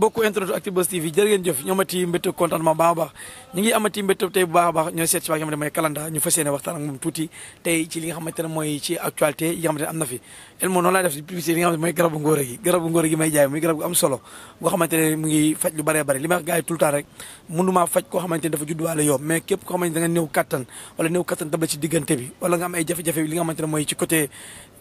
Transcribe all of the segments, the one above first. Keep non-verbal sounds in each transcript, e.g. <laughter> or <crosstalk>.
bokku internet Actubuzz TV jërë ngeen jëf ñu amati mbéttu contentement baax a baax ñu ngi amati mbéttu tey bu baax a baax ñooy seet si waa mooy Kalanda ñu fas yéene waxtaan ne mooy ci actualité yi am na fi noonu laa def si li nga xamante mooy garabu ngóor gi gi may jaay muy garab am solo goo xamante ne mu ngi faj lu bëree bëri li ma wax gars yi tout le temps rek mënumaa faj koo xamante ne dafa judduwaale yow mais képp koo xamante ne da nga néew kattan wala ay jafe-jafe xamante ne mooy ci côté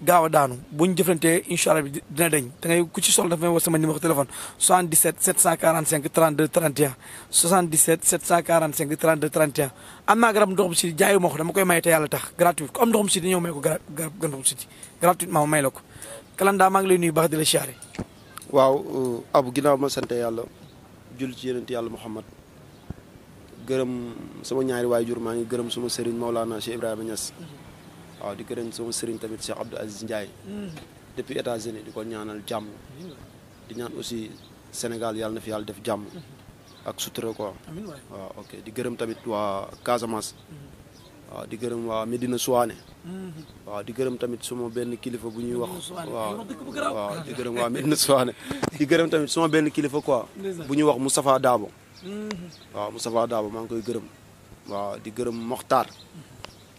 gaaw a daanu bu ñu jëflantee incha allah bi dina deñ da ngay ku ci soxla dafa may war sama numéro téléphone 77 745 32 31 77 745 32 31 am naa garab ndoxum siti jaayu ma ko dama koy may te yàlla tax gratuit ku am ndoxum siti ñëw may ko garab garab ndoxum siti gratuitement may la ko Kalanda maa ngi lay nuyu baax di la siyaare waaw euh, abu ginnaaw ma sante yàlla jul ci yeneen yàlla Muhammad gërëm sama ñaari waajur maa ngi gërëm sama sëriñ Maulana Cheikh Ibrahima Niass waaw di gërëm sama sëriñ tamit Cheikh Abdou Aziz Ndiaye. Hmm. depuis États-Unis di ko ñaanal jàmm. Hmm. di ñaan aussi Sénégal yàlla na fi yàlla def jàmm. Hmm. ak sutura quoi. waaw di gërëm tamit waa Casamance. gërëm waa Medina Souane. waaw di gërëm tamit suma benn kilifa bu ñuy wax. waaw waaw di gërëm waa Medina Souane. <laughs> benn kilifa quoi. bu ñuy wax Moustapha Dabo. maa ngi koy gërëm. waaw di gërëm Mokhtar.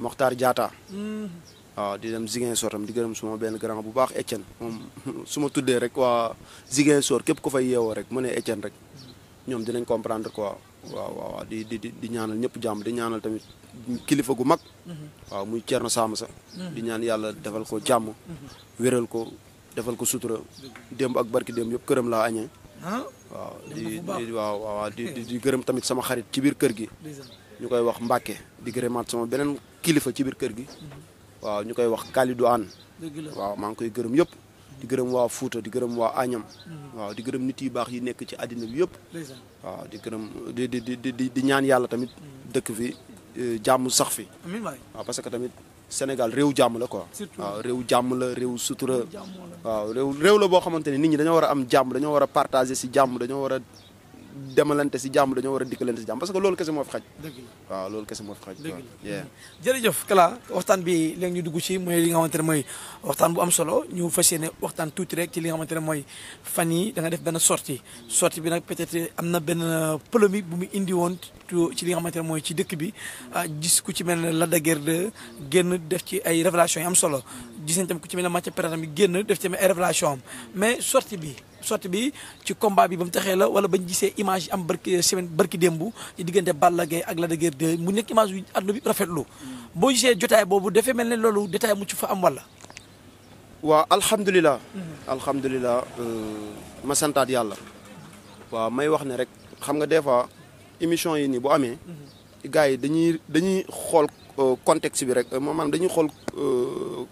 Mokhtar Diatta. Mm-hmm. waaw di dem Ziguinchor tam di gërëm suma benn grand bu baax Etienne moom <laughs> su ma tuddee rek waa Ziguinchor képp ku fay yeewoo rek mu ne Etienne rek ñoom dinañ comprendre quoi waaw waaw di di di ñaanal ñëpp jàmm di ñaanal tamit kilifa gu mag. Mm-hmm. waaw muy Thierno Sam sa mm-hmm. di ñaan yàlla defal ko jàmm. wéral ko defal ko sutura. démb ak barki démb yëpp këram laa añee. Ah? waaw di <laughs> di gërëm tamit sama xarit ci biir kër gi. ñu koy wax Mbacke di gërëmaat sama beneen. kilifa ci biir kër gi waaw ñu koy wax Kalidou Anne waaw maa ngi koy gërëm yëpp di gërëm waa Fuuta di gërëm waa Añam mm-hmm. waaw di gërëm nit yu baax yi nekk ci àddina bi yëpp waaw di gërëm di di di ñaan yàlla tamit mm-hmm. dëkk fi euh, jàmm sax fi waaw parce que tamit Sénégal réew jàmm la quoi waaw réew jàmm la réew sutura waaw réew la boo xamante ne nit ñi dañoo war a am jàmm dañoo war a partager si jàmm dañoo war demalante si jàmm dañoo war a dikkalante si jàmm parce que loolu kese moo fi xaj. dëgg la moo fi xaj. dëgg la jërëjëf waxtaan bi léegi ñu dugg ci mooy li nga xamante ne mooy waxtaan bu am solo ñu fas yéene waxtaan tuuti rek ci li nga xamante ne mooy fan yi da nga def benn sorti sortie bi nag peut-être am na benn polémique bu mu indi woon ci li nga xamante ne mooy ci dëkk bi ah, gis ku ci mel ne Lac de Guiers 2 génn def ci ay révélation yi am solo gis nañ tamit ku ci mel ne Mathieu Perratin mi génn def ci ay révélation am mais sortie bi sortie bi ci combat bi ba mu taxee la wala bañ gisee image yi am barki semaine barki démb ci diggante Balla Gaye ak Lac de Guiers mu nekk image yu àdduna bi rafetlu boo gisee jotaay boobu dafay mel ne loolu détail mu ci fa am wala waaw alhamdulilah alhamdulilah euh, ma santaat yàlla waaw may wax ne rek xam nga des fois émission yi nii bu amee mhm. gars yi dañuy dañuy xool euh, contexte bi rek euh, maanaam dañuy xool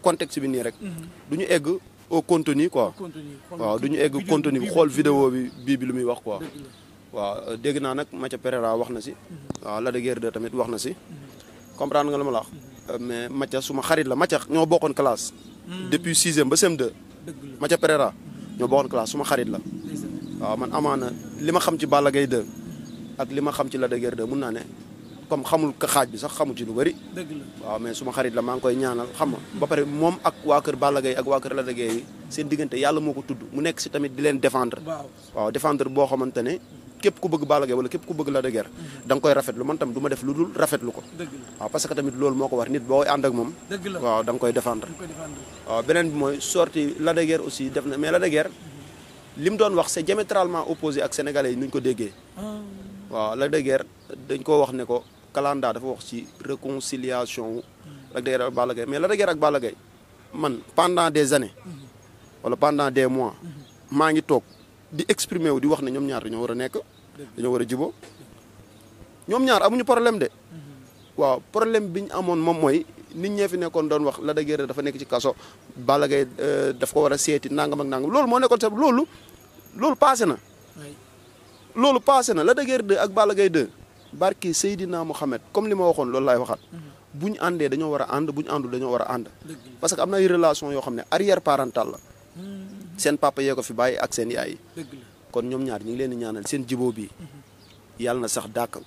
contexte bi nii rek. Mhm. du ñu egg au contenu quoi. waaw du ñu egg contenu bi xool vidéo bi bii bi lu muy wax quoi. waaw euh, dégg naa nag Mathia Pereira wax na si. Mhm. waaw Lac de Guiers 2 tamit wax na si. Mhm. comprendre nga la ma la wax. Euh, mais Mathia suma xarit la Mathia ñoo bokkoon classe. depuis sixième ba CM2. Mathia Pereira ñoo bokkoon classe suma xarit la. waaw man amaana li ma xam ci Balla Gaye 2 ak li ma xam ci Lac de Guiers 2 mun naa ne. comme xamul ko xaaj bi sax xamu ci lu bëri. la waaw mais suma xarit la maa ngi koy ñaanal xam nga ba pare moom ak waa kër Balla Gaye ak waa kër Lac de Guiers yi seen diggante yàlla moo ko tudd mu nekk si tamit di leen défendre. waaw défendre boo xamante ne képp ku bëgg Balla Gaye wala képp ku bëgg Lac de Guiers mhm. da nga koy man tam du ma def lu dul rafetlu ko waaw parce que tamit loolu moo ko war nit boo ànd ak moom waaw da koy défendre waaw beneen na mhm. ko Kalanda dafa wax ci réconciliation wu. Lac de Guiers ak Balla Gaye man pendant des années. wala pendant des mois. maa ngi toog di exprimer wu di wax na ñoom ñaar dañoo war a nekk. dañoo war a jiboo ñoom ñaar amuñu problème de. waaw problème bi ñu amoon moom mooy nit ñee fi nekkoon doon wax la de Guiers dafa nekk ci kaso. Balla Gaye euh, daf ko war a seeti nangam ak nangam loolu moo nekkoon sa loolu loolu passé na. loolu passé na la de Guiers ak Balla Gaye barke Seydina Mohamed comme li ma waxoon loolu laay waxaat. Mhm. bu ñu àndee dañoo war a ànd bu ñu àndul dañoo war a ànd. parce que am na ay relation yoo xam ne arrière parental la. Mhm. seen papa yee ko fi bàyyi ak seen yaay yi. kon ñoom ñaar ñu ngi leen di ñaanal seen jiboo bi mhm. yàlla na sax dàkk.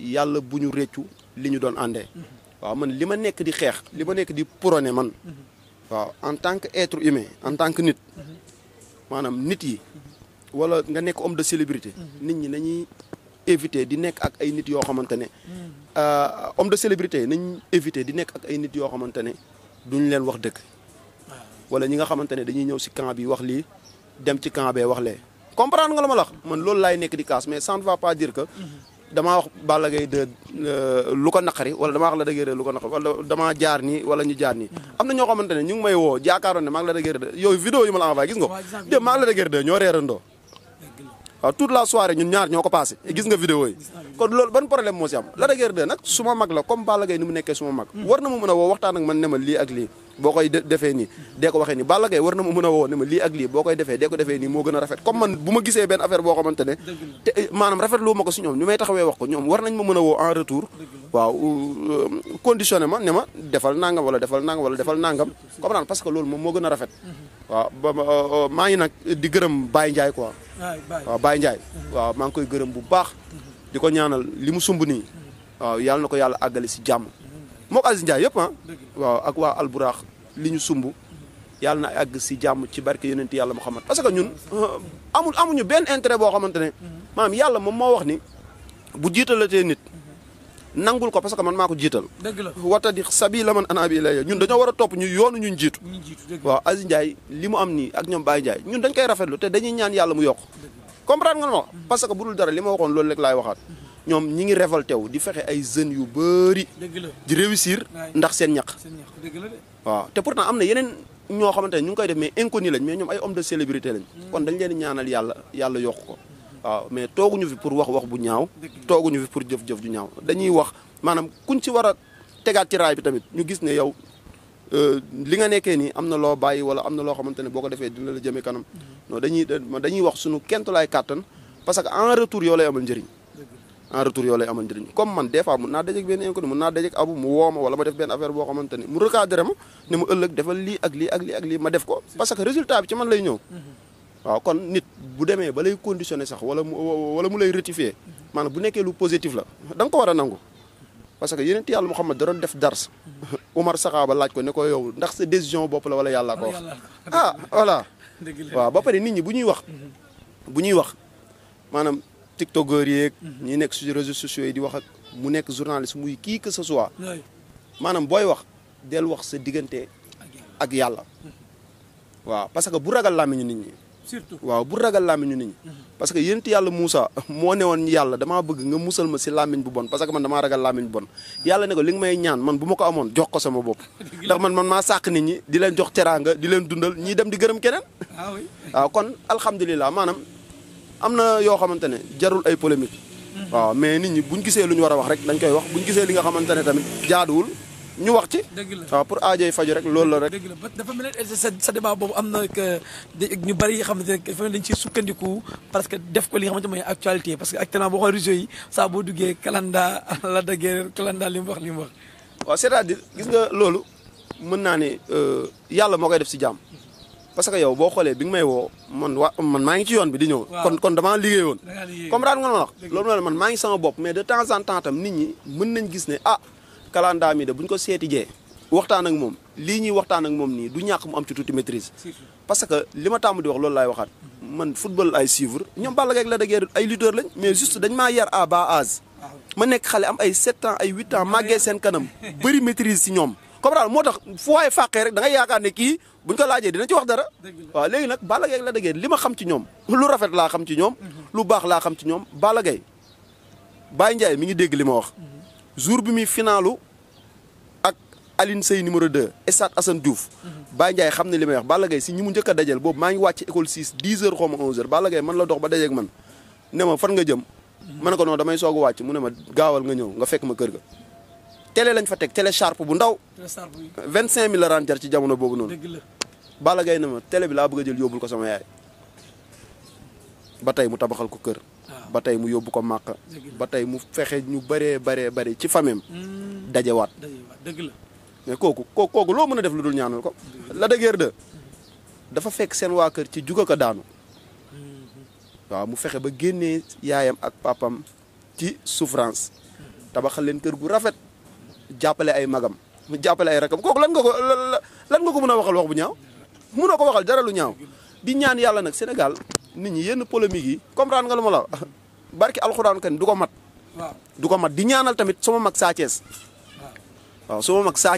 yàlla bu ñu réccu li ñu doon àndee. waaw man li ma nekk di xeex li ma nekk di prôné man. waaw en tant que être humain en tant que nit. maanaam nit yi. wala nga nekk homme de célébrité. nit ñi éviter di nekk ak ay nit yoo xamante ne euh, homme de célébrité nañ éviter di nekk ak ay nit yoo xamante ne duñ leen wax dëgg wala ñi ñëw si camp bi wax lii dem ci camp bee wax lee comprendre nga la ma la man loolu laay nekk di kaas mais ça ne va pas dire que mm-hmm. damaa wax Balla Gaye de euh, lu ko naqari wala damaa wax la dëgg de lu ko naqari wala jaar nii wala ñu jaar nii mm-hmm. am na ñoo xamante ñu may woo jaakaaroon ne maa la dëgg de yooyu vidéo yu waaw tout la soirée ñun ñaar ñoo ko passé gis nga vidéo yi kon loolu ban problème moo si am Lac de Guiers nag su mag la comme Balla Gaye ni mu nekkee su mag hmm. war na mu mën a woo waxtaan ak ma hmm. dee ko waxee nii Balla Gaye war a ne ma lii ak lii boo koy defee nii moo gën a rafet comme man bu ma gisee benn affaire boo xamante ne te maanaam rafet lu ma ko si ñoom ñu may taxawee wax ko ñoom war nañ ma mën a woo en retour waaw euh, conditionné ma ne ma defal nangam wala defal nangam wala defal nangam hmm. comprendre parce que loolu moom moo gën a rafet euh, euh, ngi nag di gërëm Baye Ndiaye quoi waaw Baye Ndiaye waaw maa ngi koy gërëm bu baax di ko ñaanal li mu sumb nii waaw yàlla na ko yàlla àggale si jàmm mook Aziz Ndiaye yëpp ah waaw ak waa alburaax li ñu sumb yàlla na àgg si jàmm ci barke yonent yàlla Muhammad parce que ñun amul amuñu benn intérêt boo xamante ne maanaam yàlla moom moo wax ni bu jiitalatee nit nangul ko parce que man maa ko jiital wata di sabila man anaabi ilayya ñun dañoo war a topp ñu yoonu ñun jiitu waaw Aziz Ndiaye li mu am nii ak ñoom Baye Ndiaye ñun dañ koy rafetlu te dañuy ñaan yàlla mu yokk comprendre nga ma parce que bu dul dara li ma waxoon loolu rek laay waxaat ñoom ñi ngi révolté wu di fexe ay jeunes yu bëri di réussir ndax seen ñaq waaw te pourtant am na yeneen ñoo xamante ne ñu ngi koy def mais inconnu lañ mais ñoom ay homme de célébrité hmm. kon dañ leen ñaanal yàlla yàlla yokk ko waaw mais tooguñu fi pour wax wax bu ñaaw tooguñu fi pour jëf-jëf ju ñaaw dañuy wax maanaam kuñ ci war a tegaat ci raay bi tamit ñu gis ne yow euh, li nga nekkee nii am na loo bàyyi wala am na loo xamante ne boo ko defee dina la jëmee kanam mm-hmm. non dañuy dañuy wax suñu kentulaay kàttan parce que en retour yoo lay amal njëriñ en retour yoo lay amal njëriñ comme man des fois mun naa dajek benn inconnu mun naa dajek abu mu woo ma wala ma def benn affaire boo xamante ne mu recadré ma ne ma ëllëg defal lii ak lii ak lii ak lii ma def ko parce que résultat bi ci man lay ñëw mm-hmm. waaw kon nit bu demee bala lay conditionné sax wala mu wala mu lay rectifier maanaam bu nekkee lu positif la da ko war a nangu parce que yonent yàlla Muhammad da doon def dars <laughs> Umar saxaaba laaj ko ne ko yow ndax sa décision bopp la wala yàllaa ko wax ah voilà <laughs> waaw ba pare nit ñi bu ñuy wax bu ñuy wax maanaam tiktokeur yeeg mhm. ñu nekk ci réseaux sociaux yi di wax ak mu nekk journaliste muy kii que ce soit maanaam booy wax del wax sa diggante ak yàlla mhm. waaw parce que bu ragal làmmiñu nit ñi surtout waaw bu ragal làmmiñu nit ñi parce que yénti yàlla Moussa moo ne woon yàlla damaa bëgg nga musal ma si làmmiñ bu bon parce que man damaa ragal làmmiñ bu bon yàlla na ko li nga may ñaan man bu ma ko amoon jox ko sama bopp <laughs> ndax man man maa sàq nit ñi di leen jox teraanga di leen dundal ñii dem di gërëm keneen ah <laughs> waaw kon alhamdulilah maanaam am na yoo xamante ne jarul ay polémique mm-hmm. waaw mais nit ñi buñ gisee lu ñu war a wax rek dañ koy wax buñ gisee li nga xamante ne tamit jaaduwul ñu wax ci. dëgg la pour aajo yi rek loolu la rek. dëgg la dafa mel ne sa sa bari yi xamante sukkandiku parce que def ko li nga xamante mooy actualité parce que actuellement boo xoolee réseau yi saa boo duggee kalanda la <laughs> c'est-à-dire gis nga loolu mën naa ne euh, yàlla moo koy def si jàmm parce que yow boo xoolee bi nga may woo man wa man maa ngi ci yoon bi di ma maa ngi sama bopp mais de temps en temps tam nit ñi mën gis ne ah. kalandaa mi de bu ñu ko seeti jee waxtaan ak moom lii ñuy waxtaan ak moom nii du ñàkk mu am ci tuuti maîtrise parce que li ma tàmm di wax loolu lay waxaat man football ay suivre ñoom Balla Gaye ak Lac ay lutteur lañ mais juste dañ maa yar à ma nekk xale am ay 7 ans ay 8 ans màggee seen kanam bëri si ñoom comme moo tax fu waaye fàqee rek da yaakaar ne kii buñ ko laajee dina ci wax dara waaw léegi nag Balla Gaye ak Lac li ma xam ci ñoom lu rafet laa xam ci ñoom lu baax laa xam ci ñoom Balla Gaye Baye Ndiaye mi ngi dégg li ma wax jour bi muy finaalu ak Aline Seye numéro 2 Stade Assane Diouf. Baye njaay xam ne li may wax Balla Gaye si ñi mu njëkk a dajal boobu maa ngi wàcc école 6 10 heures xaw ma 11 heures Balla Gaye man la dox ba dajeeg man ne ma fan nga jëm. ma ne ko non damay soog a wàcc mu ne ma gaawal nga ñëw nga fekk ma kër ga. tele lañ fa teg télé sharp bu ndaw. vingt cinq mille la daan jar ci jamono boobu noonu. dëgg la Balla Gaye ne ma télé bi laa bëgg a jël yóbbul ko sama yaay ba tey mu tabaxal ko kër. ba tey mu yóbbu ko màq ba tey mu fexe ñu bare bëree bëri ci famem mm. dajewaat dëgg la mais kooku kooku kooku loo mën a def lu dul ñaanal ko la dëgër de dafa fekk seen waa kër ci juga ko daanu mm-hmm. waaw mu fexe ba génnee yaayam ak papam ci souffrance mm-hmm. tabaxal leen kër gu rafet jàppale ay magam mu jàppale ay rakam kooku lan nga ko lan nga ko mën a waxal wax bu ñaaw mënoo ko waxal dara lu ñaaw di ñaan yàlla nag Sénégal nit ñi yenn polémique yi comprendre nga lu ma la barki alxuraan kan du ko mat. waaw du ko mat di ñaanal tamit sama mag Sa soo waaw mag Sa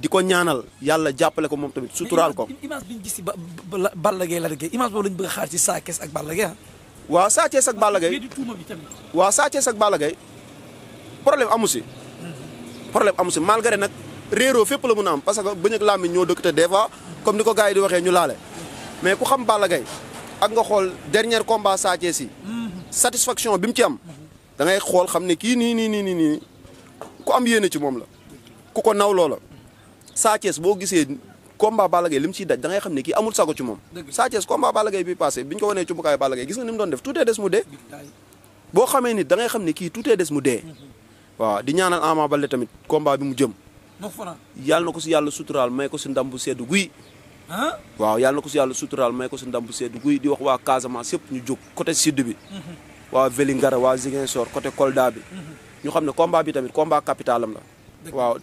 di ko ñaanal yàlla jàppale ko moom tamit suturaal ko. image ñu gis si ba ba Balla Gaye la rek image boobu lañ bëgg a xaar ci Sa ak Balla Gaye ah. waaw Sa Thiès ak Balla Gaye waaw Sa Thiès ak amu si. Mm-hmm. problème amu si malgré nag réeroo fépp la mun a am parce que bëñ ak ñoo dëkk te des fois comme ni ko gars yi di waxee ñu laale mais ku xam Balla ak nga xool dernier combat Sa Thiès yi satisfaction bi mu ci am da ngay xool xam ne kii nii nii nii nii nii ku am yéene ci moom la ku ko naw loola Sa Thiès boo gisee combat Balla Gaye li mu ciy daj xam ne kii amul sago ci moom Sa Thiès combat Balla Gaye bi passé bi ñu ko wanee ci bukaayu Balla Gaye gis nga ni mu doon def tuutee des mu dee boo xamee nit da ngay xam ne kii tuutee des mu dee waaw di ñaanal Ama Baldé tamit combat bi mu jëm yàlla na ko si yàlla suturaal may ko si ndam bu sedd guy waaw yàlla na ko si yàlla suturaal may ko si ndam bu sedd guy di wax waa Casamance yëpp ñu jóg côté sud bi mhm. waa Vélingara waa Ziguinchor côté Kolda bi mhm. ñu xam ne combat bi tamit combat capital am la waaw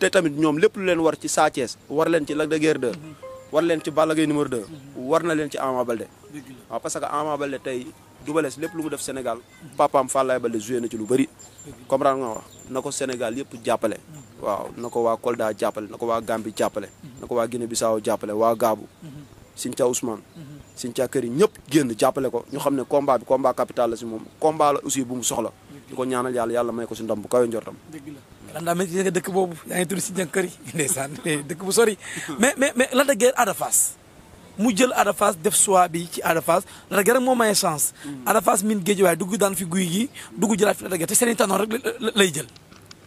te tamit ñoom lépp lu leen war ci Sa war leen ci Lac de Guiers 2 mhm. war leen ci Balla Gaye numéro 2 war na leen ci Ama Baldé waaw parce que Ama tey Double lépp lu mu def Sénégal papaam Fallaye Baldé joué na ci lu bëri comprendre nga wax na ko yëpp jàppale. waaw na ko waa Kolda jàppale na ko waa Gambie jàppale. na ko waa Guinée Bissau jàppale waa Gaabu. Sinthiou Ousmane. Sinthiou kër yi ñëpp génn jàppale ko ñu xam ne combat bi combat capital la si moom combat la aussi bu mu soxla. di ko ñaanal yàlla yàlla may ko si ndam bu kawe njortam. dëgg la lan daa mel dëkk boobu yaa ngi tudd si njëkk kër dëkk bu sori <laughs> mais mais mais Lac de mu jël Ada def choix bi ci Ada Fass Lac de Guiers rek moo may chance. Mm. Ada Fass min géej waaye dugg daan fi guy yi dugg jëlaat fi Lac de te seen i tanoon rek lay jël.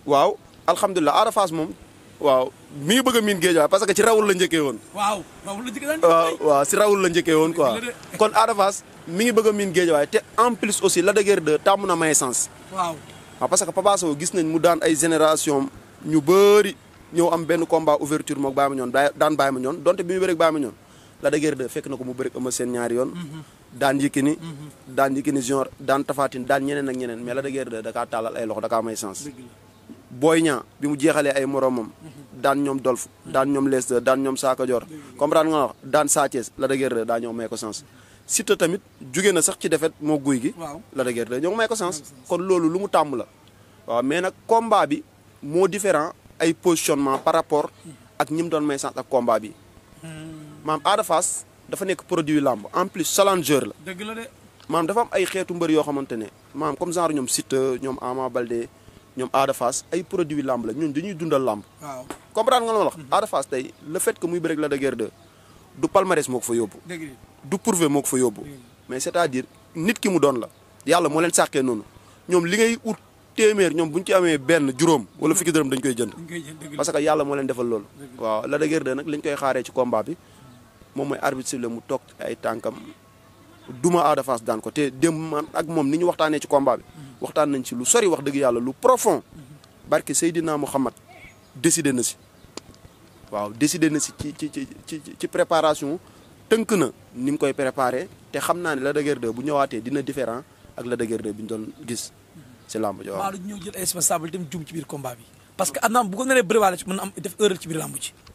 waaw alhamdulilah Ada moom. waaw mi ngi bëgg a miin géej waaye parce que ci rawul la njëkkee woon. waaw rawul la njëkkee waaw waaw si rawul la njëkkee woon kon Ada Fass mi ngi bëgg a miin géej waaye te en plus aussi la de Guiers 2 tàmm na may sens. waaw parce que Papa gis nañ mu daan ay génération ñu bëri ñëw am benn combat ouverture moog Baye Mandione daan Baye Mandione donte bi mu bëreeg Baye la de Guiers 2 fekk na ko mu bëri Eumeu Sène ñaari yoon. daan Yékini. daan Yékini junior daan Tapha daan ñeneen ak ñeneen mais Lac de Guiers 2 da kaa tàllal ay loxo da may sens. Boy Niang bi mu jeexalee ay moromam. daan ñoom Dolf daan ñoom Lester daan ñoom Saaka Dior. comprendre nga wax daan Sa Thiès Lac de Guiers 2 daa ñëw may ko sens. Siteu tamit jóge sax ci defet moo guy gi. waaw Lac de Guiers 2 ñoo may ko sens. kon loolu lu mu tàmm la. waaw mais nag combat bi moo différent ay positionnement par rapport ak ñi mu doon may sens ak combat bi. Hmm. maam Ada Fass dafa nekk produit làmb en plus challenger la. dëgg la de. maam dafa am ay xeetu mbër yoo xamante ne maam comme genre ñoom Siteu ñoom Ama Baldé ñoom Ada Fass ay produit làmb la ñun dañuy dundal làmb. comme comprendre nga loolu wax. Mhm. Ada tey le fait que muy bëreeg la de guerre de du palmarès moo ko fa yóbbu. du prouvé moo ko fa yóbbu. mais c'est-à-dire nit ki mu doon la. yàlla moo leen sàkkee noonu ñoom li ngay ut téeméer ñoom bu ñu ci amee benn juróom wala fukki dërëm dañ koy jënd. parce que yàlla moo leen defal loolu. waaw la de guerre de koy xaaree ci combat bi. moom mooy arbitre la mu toog ay tànkam duma Ada Fass daan ko te démb man ak moom ni ñu waxtaanee ci combat bi waxtaan nañ si lu sori wax dëgg yàlla lu profond barke Seydina Muhammad décidé na si waaw décidé na si ci ci ci ci préparation tënk na ni mu koy préparé te xam naa ni la de Guiers bu ñëwaatee dina différent ak la de Guiers bi ñu doon gis si làmb ji waaw. maa ngi jël ay responsabilités mu jum ci biir combat bi parce que Adam bu ko naree bëriwaale ci mën am def ci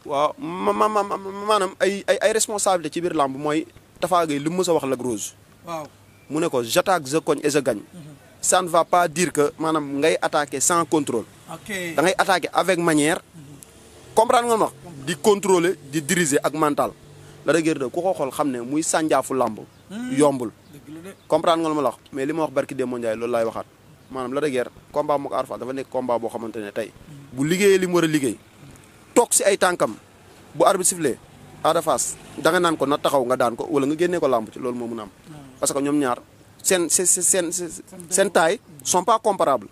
waaw ma ma maanaam ay ay ay responsabilité ci biir làmb mooy Tapha Gueye li mu mës a wax Lac Rose. waaw mu ne ko j'attaque je cogne et je gagne. Mhm. ça ne va pas dire que maanaam ngay attaquer sans contrôle. ok da ngay attaquer avec manière. Mhm. comprendre nga ma di contrôler di diriger ak mental. la dëgër de ku ko xool xam ne muy sànjaafu làmb. Mhm. yombul. comprendre nga ma la wax mais li ma wax barki Demba Ndiaye loolu laay waxaat maanaam la dëgër combat mu ko Arfa dafa nekk combat boo xamante ne tey. bu liggéeyee li mu war a liggéey. toog si ay tànkam bu arbitre sifflé Ada Fass da nga naan ko na taxaw nga daan ko wala nga génnee ko làmb ci loolu moo mun a am. Hmm. parce que ñoom ñaar seen seen seen seen taay sont pas comparables.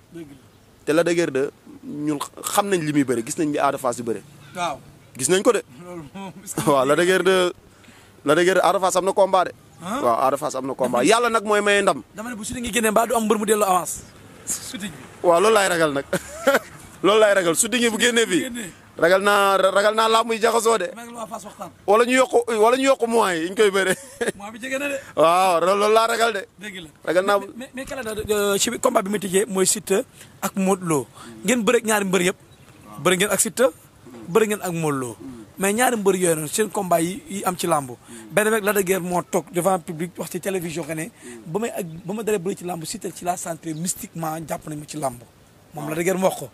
te la dëgër de ñun xam nañ li muy bëri gis nañ bi Ada Fass di bëri. gis nañ ko de. <laughs> waaw la dëgër de la dëgër de Ada am na combat de. Ah. waaw Ada Fass am na combat yàlla nag mooy maye ndam. dama ne bu shooting gi génnee mbaa du am mbër mu delloo avance. shooting bi waaw loolu laay ragal nag <laughs> loolu laay ragal shooting yi bu génnee ragal naa ragal naa laa muy jaxasoo de. wala ñu yokk wala ñu yokk mois yi ñu koy bëree. <laughs> mois bi jege na de. waaw loolu laa ragal de. dëgg la ragal naa. mais mais kala bi ma tijjee mooy Siteu ak moot loo ngeen bëreeg ñaari mbër yëpp. bëri ngeen ak Siteu bëri ngeen ak Modou Lo mais ñaari mbër yooyu noonu seen combat yi am ci làmb benn rek la de moo toog devant public wax ci télévision que ne ba may ak ba ma dalee bëri ci làmb Siteu ci laa centré mystiquement jàpp nañ ma ci làmb moom la dëgër wax ko.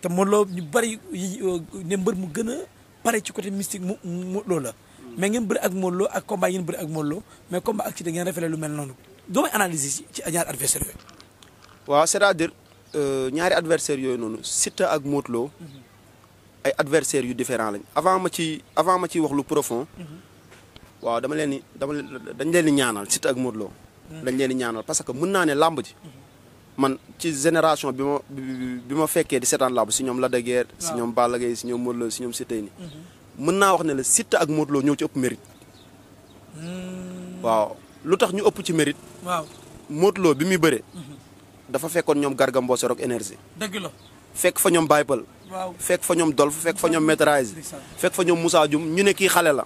te mooloo ñu bari euh, ne mbër mu gën a pare ci côté mystique mu Modou Lo la. Hmm. mais ngeen bëri ak Modou Lo ak combat yi ngeen bëri ak Modou Lo mais combat ak ci da ngeen rafetlu lu mel noonu doo may analyser ci ñaari adversaire yooyu. waaw c'est-à-dire euh, ñaari adversaire yooyu noonu Siteu ak Modou Lo hmm. ay adversaires yu différent lañ avant ma ci avant ma ciy wax lu profond. Hmm. waaw dama leen ni dama dañ leen di ñaanal Siteu ak moo loo dañ leen di ñaanal parce que mën naa ne làmb man ci génération bi ma bi ma fekkee di seetaan làmb si ñoom la de Guiers si ñoom Balla si ñoom Modou si ñoom Siteu ni mhm. mën naa wax ne la Siteu ak Modou Lô ñoo ci ëpp mérite hmm. waaw lu tax ñu ëpp ci mérite waaw Modou Lô bi muy bëre mhm. dafa fekkoon ñoom Garga Mbossé Rock Énergie dëgg la fekk fa ñoom Baye Peul fekk fa ñoom Dolf fekk fa ñoom Maîtrise fekk fa ñoom Moussa ñu ne kii xale la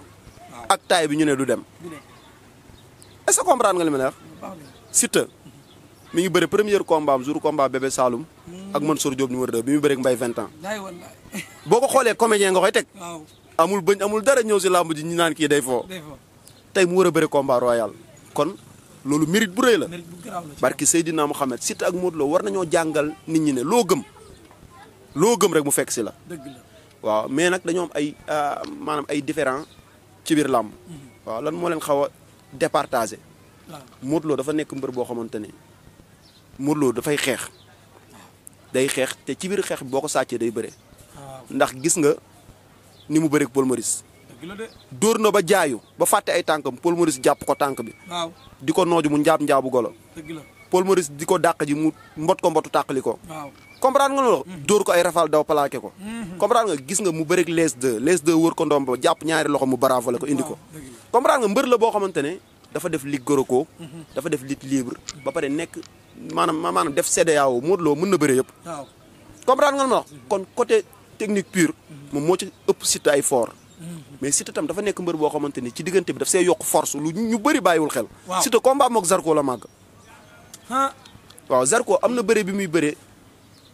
ak taay bi ñu ne du dem est-ce que nga li ma mi ngi bëre première combat am jour combat bébé Saloum ak Mansour Diop numéro 2 bi mu bëre ak Mbaye 20 ans. boo ko xoolee comédien nga koy teg. amul bëñ amul dara ñëw si làmb ji ñu naan kii day foo. tey mu war a bëre combat royal. kon loolu mérite bu rëy la. mérite bu garaaw la barki Seydina Mohamed Siteu ak Modou Lo war nañoo jàngal nit ñi ne loo gëm. loo gëm rek mu fekk si la. dëgg waaw mais nag dañoom ay euh, maanaam ay différent ci biir làmb. Mhm. waaw lan moo leen xaw a départagé. Modou Lo dafa nekk mbër boo xamante ne. Modou Lo dafay xeex day xeex te ci biir xeex bi boo ko sàccee day bëre ndax gis nga ni mu bëreeg Paul Maurice dóor na ba jaayu ba fàtte ay tànkam Paul Maurice jàpp ko tànk bi di ko nooju mu njaab njaabu golo Paul Maurice di ko dàq mu mbot ko mbotu tàqali ko comprendre nga loolu hmm. dóor ko ay rafal daw plaqué ko hmm. comprendre nga gis nga mu bëreeg les deux les wër ko ndoom ba jàpp ñaari loxo mu baravale ko indi ko comprendre nga mbër la boo xamante ne dafa def lig ko hmm. dafa def lit libre ba pare nekk maanaam maanaam def CEDEAO Modou Lo mën na bëre yëpp. waaw comprendre nga ma kon côté technique pure. Mhm. moom moo ci ëpp Siteu ay for mhm. mais Siteu tam dafa nekk mbër boo xamante ni ci diggante bi daf see yokk force lu ñu bëri bàyyiwul xel. waaw Siteu combat moog Zarko la màgg. waaw Zarko am na bëre bi muy bëre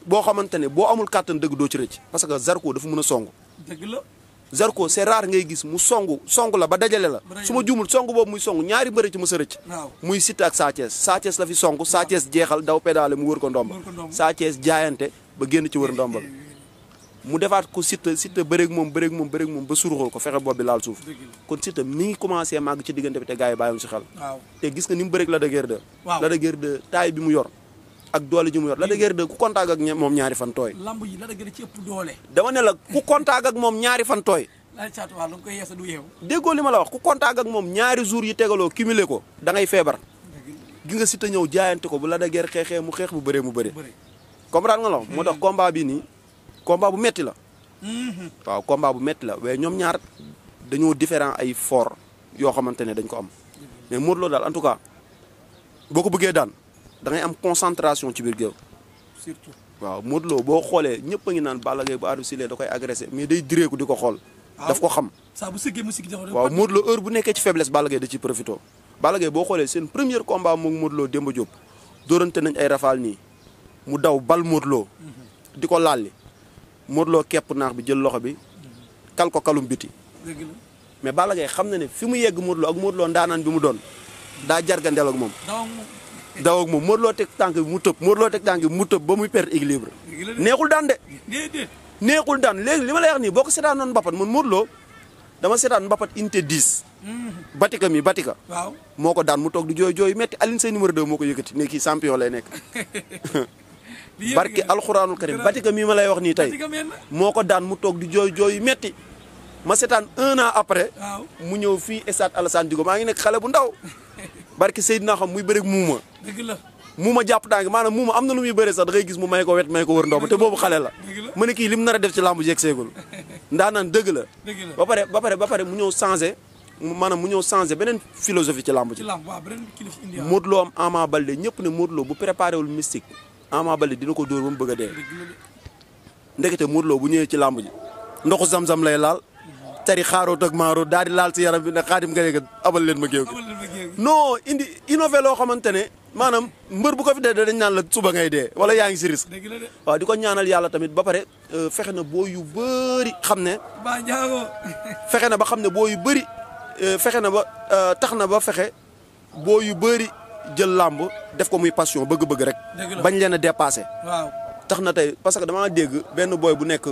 boo xamante ne boo amul kàttan dëgg doo ci rëcc parce que Zarko dafa mun a song. dëgg Zarko c'est rare ngay gis mu songu songu la ba dajale la su ma juumul songu boobu muy songu ñaari mbëri ci mës a muy Siteu ak Sa Thiès Sa Thiès la fi songu Sa Thiès jeexal daw pédale mu wër ko ndomba Sa Thiès jaayante ba génn ci wër ndomba eh, eh, eh. mu defaat ko Siteu Siteu bëreeg moom bëreeg moom bëreeg moom ba suruxal ko fexe bopp bi laal suuf kon Siteu mi ngi maa màgg ci diggante bi te gars yi bàyyiwuñ si xel te gis nga ni mu bëreeg la de guerre de la de bi mu yor ak doole ji mu yor Lac de Guiers 2 ku contact ak moom ñaari fan lamb yi Lac de Guiers ci la ku ak moom ñaari fan tooy. laaj saa tuwaat koy yeesa du yeewu. li ma la wax ku contact ak moom ñaari jours yi tegaloo cumulé ko. da ngay feebar. gi nga Siteu ñëw jaayante ko bu Lac de Guiers xeexee mu xeex bu bëree mu bëree. comprendre nga loolu. moo tax combat bi nii combat bu metti la. Mm-hmm. waaw combat bu metti la waaye ñoom ñaar dañoo différent ay fort yoo xamante ne dañ ko am mais Modou Lo daal en tout cas boo ko bëggee daan. da am concentration ci biir géew. waaw Modou boo xoolee ñëpp a ngi naan Balla Gaye bu arbitre sifflé da koy agressé mais day direeku di ko xool. Ah, daf ko xam. saa bu sëggee mu sigg jox waaw Modou Lo heure bu nekkee ci faiblesse Balla Gaye da ciy profité. Balla boo xoolee seen premier combat moom Modou Lo Demba Diop dóorante nañ ay rafaal nii mu daw bal Modou Lo mhm. di ko laalli Modou Lo kepp naax bi jël loxo bi mhm. kal ko kalum biti mais Balla Gaye xam na ne fi mu yegg Modou Lo ak Modou Lo ndaanaan bi mu doon daa jargandeel ak moom daw ak moom Modou Lo teg tànk mu tëb Modou teg tànk bi mu tëb ba muy perte équilibre neexul daan de neexul daan léegi li ma la wax nii boo ko seetaan noonu mbapat man Modou Lo dama mbapat unité 10 mhm. batika mi batika waaw moo ko daan mu toog di jooy jooy metti Alioune Seye numéro 2 moo ko yëkkati ne kii champion lay nekk <laughs> barke alxuraanul karim batika mi ma lay wax nii tey moo ko daan mu toog di jooy jooy metti ma seetaan un an après mu ñëw fii stade Alassane Djigo maa ngi nekk xale bu ndaw <laughs> barke naa xam muy bëreeg muuma dëgg la muuma jàpp tànk maanaam muuma am na lu muy bëre sax da ngay gis mu may ko wet may ko wër ndomb te boobu xale la ma ne kii li mu nar a def ci làmb jeeg seegul ndaanaan dëgg la ba pare ba pare ba pare mu ñëw changé maanaam mu ñëw changé beneen philosophie ci làmb ci Modou Lo am Ama Baldé ñëpp ne Modou Lo bu préparé wul mystique Ama Baldé dina ko dóor ba mu bëgg a dee ndekete Modou Lo bu ñëwee ci làmb ji ndoxu zam-zam lay laal tari xaaroot ak maaroo daal di laal ci yaram bi ne xaadim nga ne abal leen ma géew gi non indi innové loo xamante ne maanaam mbër bu ko fi dee dañ naan la suba ngay dee wala yaa ngi si risque waaw di ko ñaanal yàlla tamit ba pare euh, fexe na boo yu bëri xam ne ba <laughs> fexe na ba xam ne boo yu bëri euh, fexe na ba euh, tax na ba fexe boo yu bëri jël làmb def ko muy passion bëgg-bëgg rek bañ leen a dépassé waaw tax na tey parce que damaa dégg benn booy bu nekk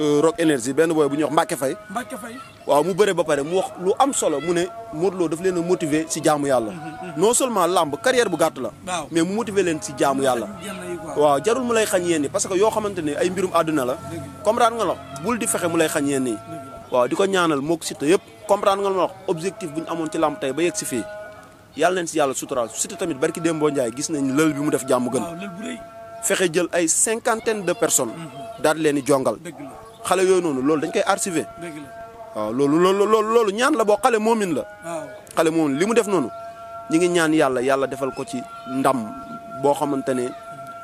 Euh, rock énergie benn booy bu ñuy wax Mbacke Faye Mbacke Faye waaw mu bëre ba pare mu wax lu am solo mu ne Modou Lo daf leen a si jaamu yàlla mm-hmm, mm-hmm. non seulement làmb carrière bu gàtt la mais mu motiver leen si jaamu yàlla waaw jarul mu lay xañ yenn parce que yoo xamante ne ay mbirum àdduna la comprendre nga la bul di fexe mu lay xañ yenn yi waaw di ko ñaanal mook Siteu yëpp comprendre nga la ma objectif bu ñu amoon ci làmb tey ba yegg si fii yàlla leen si yàlla suturaal Siteu tamit barki Dembo Ndiaye gis nañ lël bi mu def jàmm gën fexe jël ay cinquantaine de personnes mm-hmm. daal leen di jongal xale yooyu noonu loolu dañ koy archiver. waaw loolu loolu loolu ñaan la boo xale moomin la. xale moomin li mu def noonu ñi ngi ñaan yàlla yàlla defal ko ci ndam boo xamante ne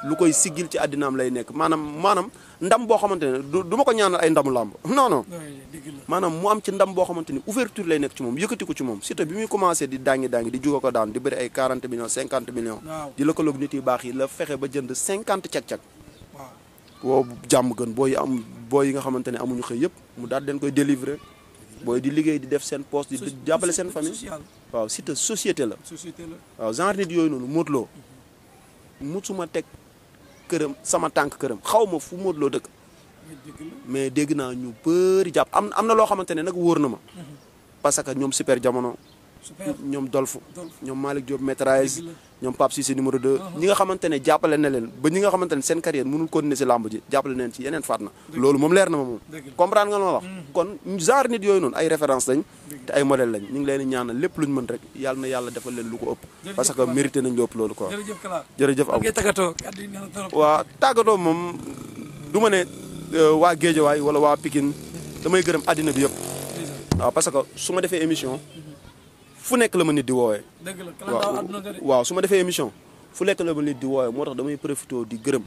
lu koy siggil ci àddinaam lay nekk maanaam maanaam ndam boo xamante ne du du ma ko ñaanal ay ndamu làmb <laughs> non non. maanaam mu am ci ndam boo xamante ni ouverture lay nekk ci moom yëkkati ko ci moom surtout bi muy commencé di daangi daangi di juga ko daan di bëri ay 40 millions 50 millions. di baax yi la fexe ba jënd 50 cag-cag. woo jàmm gën booy am booy yi nga xamante ne amuñu xëy yëpp mu daal den koy délivrer booy di liggéey di def seen poste di jàppale seen famille waaw Siteu société la waaw genre nit yooyu noonu Modou Lo musuma teg këram sama tànk këram xaw ma fu Modou dëkk mais dégg naa ñu bëri jàpp am am na loo xamante ne nag wóor na ma mhm. parce ñoom super jamono ñoom Dolf ñoom Malick Diop Maîtresse ñoom Pape Cissé numéro 2 uh-huh. ñi nga xamante ne jàppale na leen ba ñi nga xamante ne seen carrière mënul continuer si làmb jàppale na leen ci yeneen faat na loolu moom leer na ma moom comprendre nga ma wax mm. kon genre nit yooyu noonu ay référence lañ te ay modèle lañ ñu ngi leen ñaanal lépp luñ mën rek yàlla na yàlla defal leen lu ko ëpp parce que mérité nañ lu ëpp loolu quoi jërëjëf ab waa tàggatoo moom du ne euh, waa Géejawaay bi yëpp waaw parce su ma defee mm-hmm. fu nekk la ma nit di woowee. waaw su ma defee émission fu nekk la ma nit di woowee moo tax damay profité di gërëm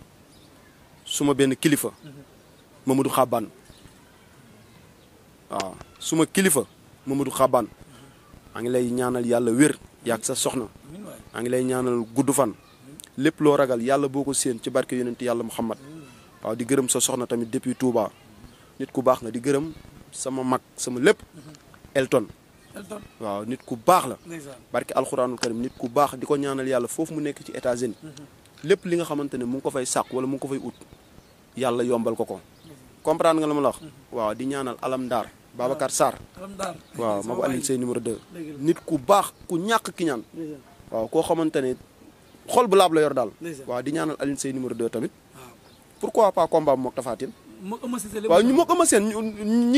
suma benn kilifa mhm. Mamadou Xaban waaw suma kilifa Mamadou Xaban mhm. maa ngi lay ñaanal yàlla wér yàgg sa soxna maa ngi lay ñaanal gudd fan lépp loo ragal yàlla boo ko séen ci barke yonent yàlla Muhammad waaw di gërëm sa soxna tamit depuis Touba mhm. nit ku baax nga di gërëm sama mag sama lépp Elton. waaw nit ku baax la barke alxuraanul karim nit ku baax di ko ñaanal yàlla foofu mu nekk ci États-Unis mhm. lépp li nga xamante ne mu ngi ko fay sàq wala mu ngi ko fay ut yàlla yombal ko ko comprendre nga la ma la mhm. waaw di ñaanal alam daar Babacar Sarr waaw ma ko Alioune Seye numéro nit ku baax ku ñàkk ki koo xamante ne xol bu laab la yor daal waaw di ñaanal Alioune Seye numéro 2 tamit pourquoi pas combat mook Tapha waaw ñu moog Eumeu Sène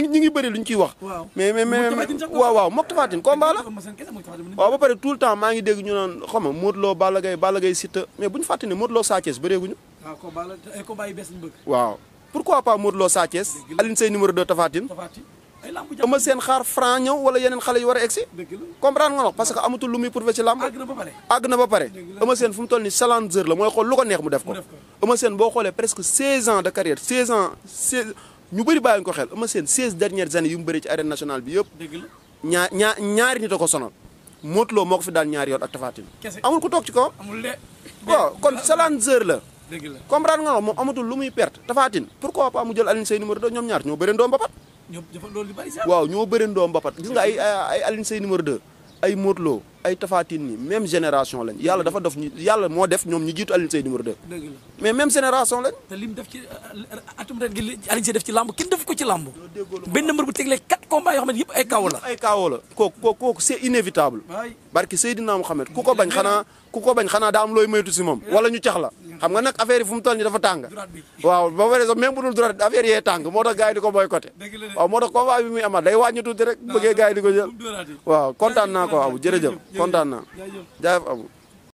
ngi bëri lu ñu ciy wax mais mais mais waaw waaw moog Tapha Tine combat la waaw ba pare tout ngi dégg ñu naan xam nga Modou Lo Balla Gaye Balla Gaye Siteu mais bu ñu fàtte ne Modou Lo Sa Thiès bëreeguñu waaw pourquoi pas Modou Lo Sa Thiès Alioune Seye numéro 2 Eumeu Sène xaar franc ñëw wala yeneen xale yu war a egsi comprendre nga nox parce que amatul lu muy prouvé ci na ba pare Eumeu Sène fu mu la mooy xool lu ko def ko Eumeu Sène presque 16 ans de carrière 16 ans 16 ñu bëri bàyyi ñu ko xel Eumeu Sène 16 bi yëpp ñaar ñaar ñaari a ko Lo moo ko fi daal ñaari yoon ak Tapha Tine amul ku la comprendre nga nox moom amatul lu muy mu jël Alioune Seye waaw ñoo bërindoo mbapat gis nga ay ay Alioune Seye numéro 2 ay Modou Lo ay Tapha Tine ni même génération lañ yàlla dafa def ñu yàlla moo def ñoom ñu jiitu Alioune Seye numéro 2 mais même génération lañ te lim def ci euh, euh, atum ren ci làmb kenn def ko ci làmb benn mbër bu tegle combat yoo xam ne yëpp ay kaw la ay kaw la kooku kooku c'est inévitable wala ñu cax la xam nga nag affaire yi waaw ba dul droit affaire yee tàng moo tax gars yi di waaw moo tax combat bi muy amaat day wàññi tuuti rek ah, bëggee waaw kontaan ko abu jërëjëf kontaan